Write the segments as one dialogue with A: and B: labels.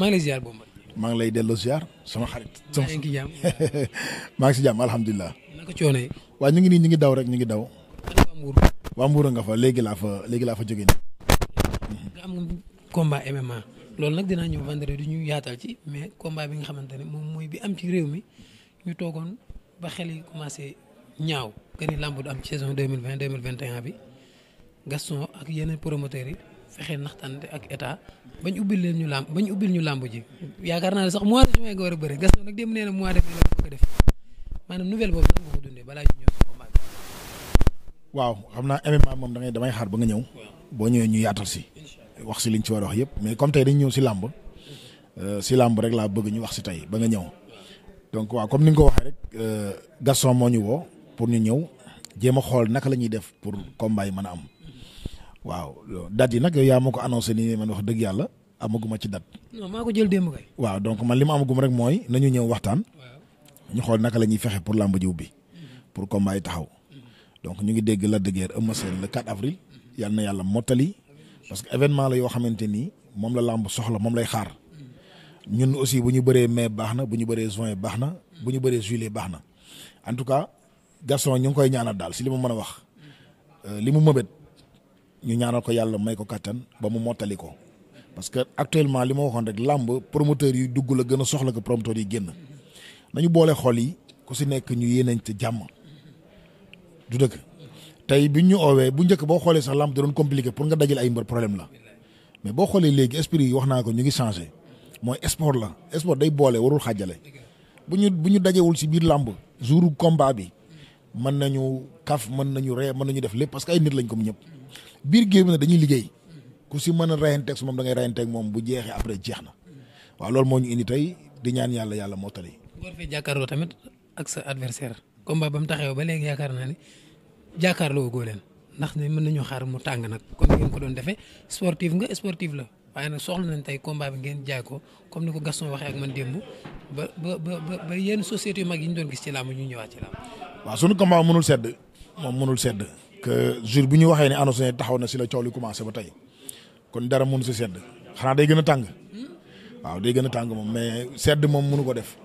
A: maa ngi lay ziar boobu. maa ngi lay delloo ziar sama xarit. sama maa ngi si jàmm alhamdulilah. naka coono yi. waaw ñu ngi nii ñu ngi daw rek ñu ngi daw. waa Mbuur nga fa léegi laa fa léegi laa fa jógee nii.
B: nga am combat MMA loolu nag dinaa ñëw vendredi ñu yaatal ci mais combat bi nga xamante ne moom mooy bi am ci réew mi ñu toogoon ba xel yi commencé ñaaw. gën a làmb du am ci saison deux mille vingt deux mille vingt et un bi Gaston ak yeneen promoteurs yi. fexe naxtante ak état bañ ubbil leen ñu làmb bañ ubbil ñu làmb ji yaakaar naa ne sax mois de juin nga war a bëre gas na nag dem nee na mois de mai la ko def maanaam nouvelle ko dundee balaa ñu
A: waaw xam naa MMA moom da damay xaar ba nga ñëw. boo ñëwee ñu yaatal si. wax si liñ ci war a wax yëpp mais comme tey dañ ñëw si làmb euh, si làmb rek laa bëgg ñu wax si tey ba nga ñëw donc waaw comme ni nga ko waxee rek euh, Gaston moo ñu woo pour ñu ñëw jéem a xool naka la ñuy def pour combat yi mën a am. waaw date yi nag yaa ma ko annoncé nii man wax dëgg yàlla amaguma ci dat
B: non maa ko jël démb kay.
A: waaw donc man li ma amagum rek mooy nañu ñëw waxtaan. ñu xool naka la ñuy fexe pour làmb jiw bi. pour combat yi taxaw. donc ñu ngi dégg la de guerre Eumeu Sène le avril. yal na yàlla mottali. parce que événement la yoo xamante ni moom la làmb soxla moom lay xaar. ñun aussi bu ñu bëree mais baax na bu ñu bëree juin baax na bu ñu bëree juillet baax na en tout cas Gaston ñu ngi koy ñaanal daal si li mu mën a wax euh, li mu mëbët ñu ñaanal ko yàlla may ko kàttan ba mu mottali ko parce que actuellement li ma waxoon rek làmb promoteur yi dugg la gën a soxla ko promoteur yi génn nañu boole xol yi ku si nekk ñu yéenañ te jàmm du dëkk tey bi ñu oowee bu njëkk boo xoolee sax làmb da doon compliqué pour nga dajale ay mbër problème la mais boo xoolee léegi esprit yi wax naa ko ñu ngi changé mooy sport la sport day boole warul xàjjale bu ñu bu ñu dajewul si biir làmb jour combat bi mën nañu kaf mën nañu ree mën nañu def lépp parce que ay nit lañ ñëpp. biir géew bi nag dañuy liggéey ku si mën a rayanteeg su moom da ngay rayanteeg moom bu jeexee après jeex na waaw loolu moo ñu indi tey di ñaan yàlla yàlla moo tali.
B: war fee jàkkaarloo tamit ak sa adversaire combat ba mu taxawee ba léegi yaakaar naa ne jàkkaarloo goo leen ndax ne mën nañu xaar mu tàng nag comme ngeen ko doon defee sportif nga sportif la waaye nag soxla nañ tey combat bi ngeen jaay ko comme ni ko Gaston waxee ak man démb ba ba ba ba yenn société yu mag yi ñu doon gis ci làmb ñu ñëwaat ci làmb.
A: waaw sunu combat mënul sedd moom mënul sedd. que jour bu ñu waxee ne ANACIM taxaw na si la coow li commencé ba tey kon dara mënu si sedd xanaa day gën a tàng waaw day gën a tàng moom mais sedd moom mënu ko def.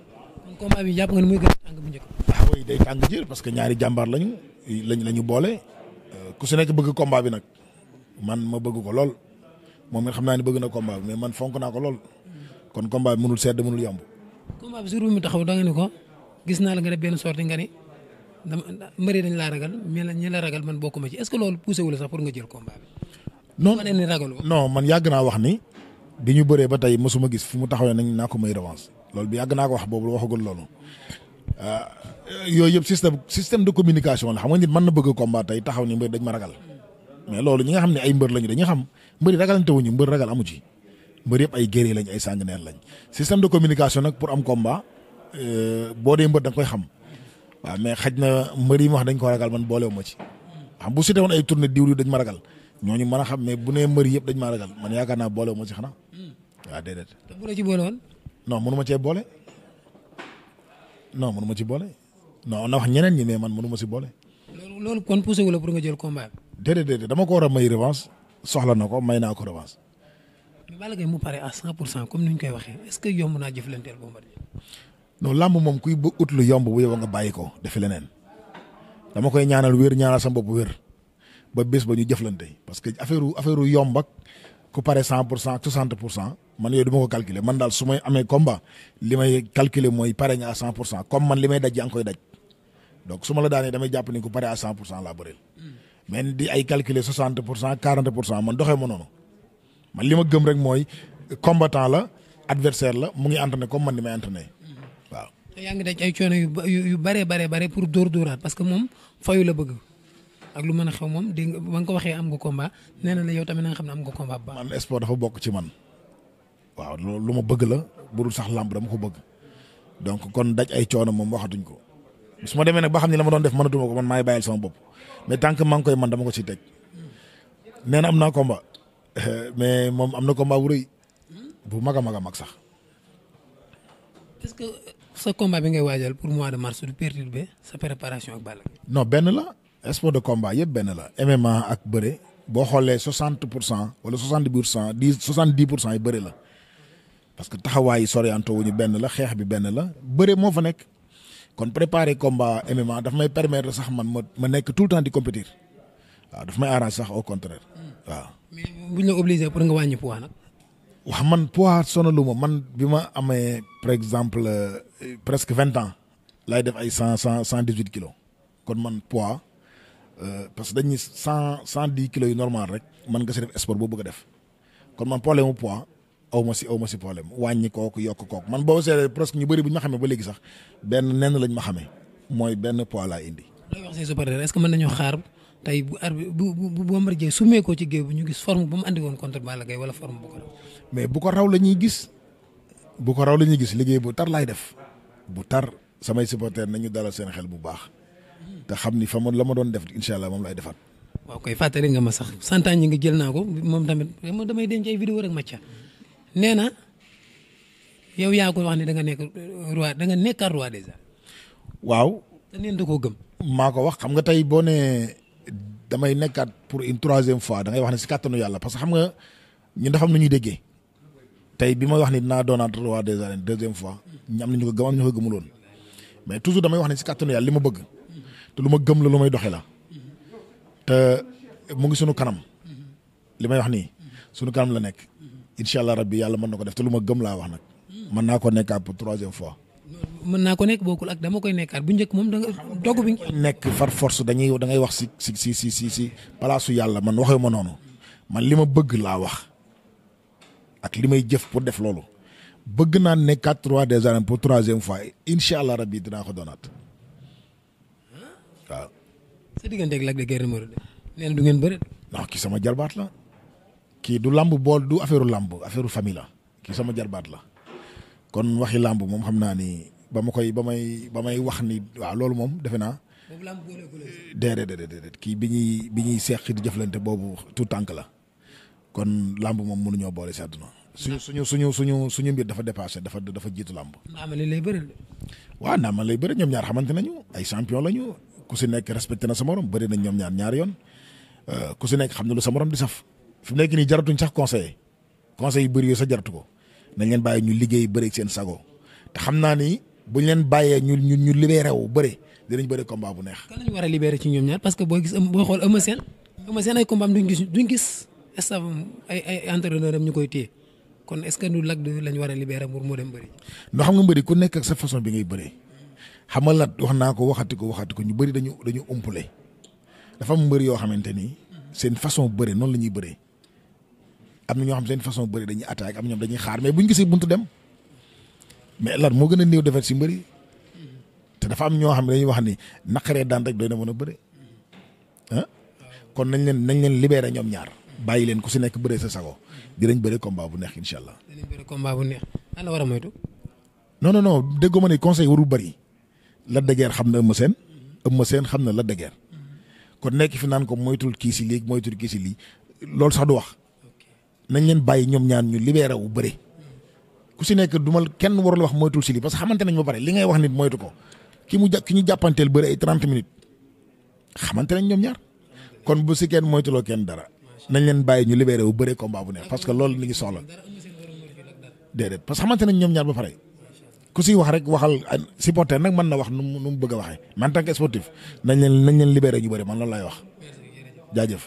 B: kon combat bi jàpp nga ni tàng bu njëkk.
A: waaw ah day tàng parce que ñaari jàmbaar lañu lañ lañu boole euh, ku si nekk bëgg combat bi nag man ma bëgg ko lool moom xam naa ne bëgg na combat mais man fonk naa ko lool kon combat bi mënul sedd mënul yomb.
B: combat bi jour bi mu taxaw da nga ni ko gis naa la nga def benn sortie nga ni dama mbëri dañ laa ragal ñi la ñi la ragal man bokkuma ci est-ce que loolu poussé wu la sax pour nga jël combat bi.
A: non ne ni ragaloo. non man yàgg naa wax ni bi ñu bëree ba tey mosuma gis fu mu taxawee nañ naa ko may revanche loolu bi yàgg naa ko wax boobu waxagul loolu euh, yooyu yëpp système système de communication la xam nga nit mën na bëgg a combat tey taxaw ni mbër dañ ma ragal mais loolu ñi nga xam ne ay mbër lañu dañu xam mbëri ragalante wuñu mbër ragal amu ci mbër yëpp ay guerrier lañ ay sanguinaire lañ système de communication nag pour am combat euh, boo dee mbër da nga koy xam waaw mais xaj na mbër yi ma wax dañ ko ragal man boolewu ma ci a bu site woon ay turne diwlu dañ ma ragal ñooñu mën a xam mais bu nee mbër yëpp dañ ma ragal man yaakaar naa boolewu ma ci xanaa hmm. waaw déedéet. bu la ci boole ma cee boole non mënu ma ci boole non na wax ñeneen ñi mais man mënu ma boole.
B: loolu loolu kon poussé wu la pour nga jël combat
A: bi. dama ko war a may revanche soxla na ko may naa ko revanche.
B: Balla Gaye mu pare à 100 pour cent comme ni ñu koy waxee est ce que yomb naa jëflanteel Bombardier
A: non làmb moom kuy bu ut lu yomb bu yow nga bàyyi ko defi leneen dama koy ñaanal wér ñaanal sa bopp wér ba bés ba ñu jëflante parce que affaire affaire yomb ak ku pare cent pour cent soixante pour cent man yooyu du ma ko calculer man daal su may amee combat li may calculer mooy pare nga à cent pour cent comme man li may daj yaa ngi koy daj donc su ma la daanee damay jàpp ni ku pare à cent pour cent laa bëreel hmm. mais di ay calculer soixante pour cent quarante pour cent man doxee ma noonu man li ma gëm rek mooy combattant la adversaire la mu ngi entraîné comme man ni may entraîné
B: yaa ngi daj ay coono yu bare bare bare pour dóor dóoraat parce que moom fayu la bëgg ak lu mën a xew moom dégg nga ba ko waxee am nga combat nee na la yow tamit na xam ne am nga combat
A: bu baax. man sport dafa lu ma bëgg la bu sax làmb dama ko bëgg donc kon daj ay coono moom waxatuñ ko su ma demee nag ba xam ne la ma doon def mënatuma ko man maay bàyyil sama bopp mais tant que maa koy ko ciy na am naa combat mais moom am na combat bu bu mag a mag a mag sax.
B: sa bi ngay waajal pour mois de mars du
A: benn la sport de combat yëpp boo xoolee soixante pour cent wala soixante pour cent dix soixante dix pour cent yi parce que taxawaay yi sorianto wuñu benn la xeex bi benn la bëre moo fa nekk kon préparer combat MMA daf may permettre sax man ma ma nekk tout le temps di compétir waaw daf may arrange sax au contraire waaw. mais buñ la obligé pour nga wàññi a nag. waaw man poids sonalu ma man bi ma amee par exemple. Euh, presque vingt ans laay def ay cent cent cent dix huit kilos kon man poids euh, parce que dañu cent cent dix kilos yu normal rek man nga si def sport boo bëgg a def kon man problème mu poids aw ma ma si problème wàññi kooku yokk kooku man boo seetlee presque ñu bëri bu ñu ma xamee ba léegi sax benn nenn lañ ma xamee mooy benn pois laa indi.
B: looy wax say supérieur est-ce que na nañoo xaar tey bu ar bu bu Bombardier sumee ko ci géew bu ñu gis forme bu mu andi woon contre la Gaye wala forme bu ko
A: mais bu ko raw la ñuy gis bu ko raw la ñuy gis liggéey bu tar laay def. bu tar samay supporters nañu dalal seen xel bu baax te xam ni fa ma la ma doon def incha allah moom lay defan waaw koy fàttali nga ma sax
B: santaan ñi nga jël naa ko moom tamit damay denc ay vidéo rek Mathia nee na yow yaa ko wax ne da nga nekk roi da nga nekkaat roi des
A: waaw. te neen da koo gëm. maa ko wax xam nga tey boo nee damay nekkaat pour une troisième fois da wax ne si kàttanu yàlla parce que xam nga ñun dafa am lu ñuy déggee. tey bi ma wax ni naa doonaat roi des arènes deuxième fois ñu am ñu ko gëm am ñu ko gëmuloon mais toujours damay wax ne si kàttanu yàlla ma bëgg te lu ma gëm la lu doxee la mu ngi sunu kanam li may wax nii sunu kanam la nekk incha allah rabbi yàlla mën na ko def te lu ma gëm laa wax nag mën naa ko nekkaat pour troisième fois.
B: mën naa ko nekk bokkul ak dama koy nekkaat bu njëkk moom da nga
A: dogg bi. nekk far force dañuy da ngay wax si si si si si si palaasu yàlla man waxee ma noonu man li ma bëgg laa wax. ak li may jëf pour def loolu bëgg naa ne roi des arènes pour troisième fois incha allah rabi dinaa ko doonaat waaw.
B: sa digganteeg Lac de Guiers
A: du ngeen bëri. non kii sama jarbaat la kii du lamb bool du affaire lamb affaire famila la kii sama jarbaat la kon waxi lamb moom xam naa ni ba ma koy ba may ba may wax ni waaw loolu moom defe naa. boobu lamb déedéet kii bi ñuy bi ñuy seq di jëflante boobu tout tànk la. kon làmb moom mënuñoo boole si àdduna. suñu suñu suñu suñu suñu mbir dafa dépassé dafa dafa jiitu làmb. ndaamali lay bëri. waaw ndaamali lay bëri ñoom ñaar xamante nañu ay champion lañu ku si nekk respecté na sa morom nañ ñoom ñaar ñaari yoon euh, ku si nekk xam na lu sa morom di saf fi mu nekk nii jaratuñ sax conseiller conseil yu bëri yooyu sax jaratu ko nañ leen bàyyi ñu liggéey bëri seen sago te xam naa ni buñ leen bàyyee ñu ñu ñu libéré wu bëri dinañ bëri combat bu neex.
B: kan a libéré ci ñoom ñaar parce que boo gis boo xool staff ay ay entraîneur am ñu koy téye kon est ce que nu Lac de lañ war a libérer pour mu dem
A: xam nga mbëri ku nekk ak sa façon bi ngay bëree xam nga lat wax naa ko waxati ko waxati ko ñu bëri dañu dañu umpule dafa am mbëri yoo xamante ni seen façon bëree noonu la ñuy bëree am na ñoo xam seen façon bëree dañuy attaque am ñoom dañuy xaar mais buñ gisee buntu dem mais lat moo gën a néew defar si mbari te dafa am ñoo xam ne dañuy wax ni naqaree daan rek doy na mën a bëre ah kon nañ leen nañ leen libéré ñoom ñaar. bàyyi leen ku si nekk bëree sa sago dinañ bëri combat bu neex incha allah.
B: dinañ bëri combat bu neex lan la war a moytu.
A: non non non ma ne conseil warul bëri la dëgër xam na ëmm seen. ëmm seen xam na la dëgër. kon nekk fi naan ko moytul kii si lii moytul kii si lii loolu sax du wax. nañ leen bàyyi ñoom ñaan ñu libéré wu bëri. ku si nekk du ma kenn warul wax moytul si lii parce que xamante nañ ba pare li ngay wax nit moytu ko ki mu ja ñu jàppanteel bëri ay 30 minutes xamante nañ ñoom ñaar kon bu si kenn moytuloo kenn dara. nañ leen bàyyi ñu libéré wu bëree combat bu neex parce que loolu li ngi soxla déedéet parce que xamante nañ ñoom ñaar ba pare ku siy wax rek waxal supporter nag mën na wax nu mu nu mu bëgg a waxee mais en tant que sportif nañ leen nañ ñu bëri man loolu laay wax jaajëf.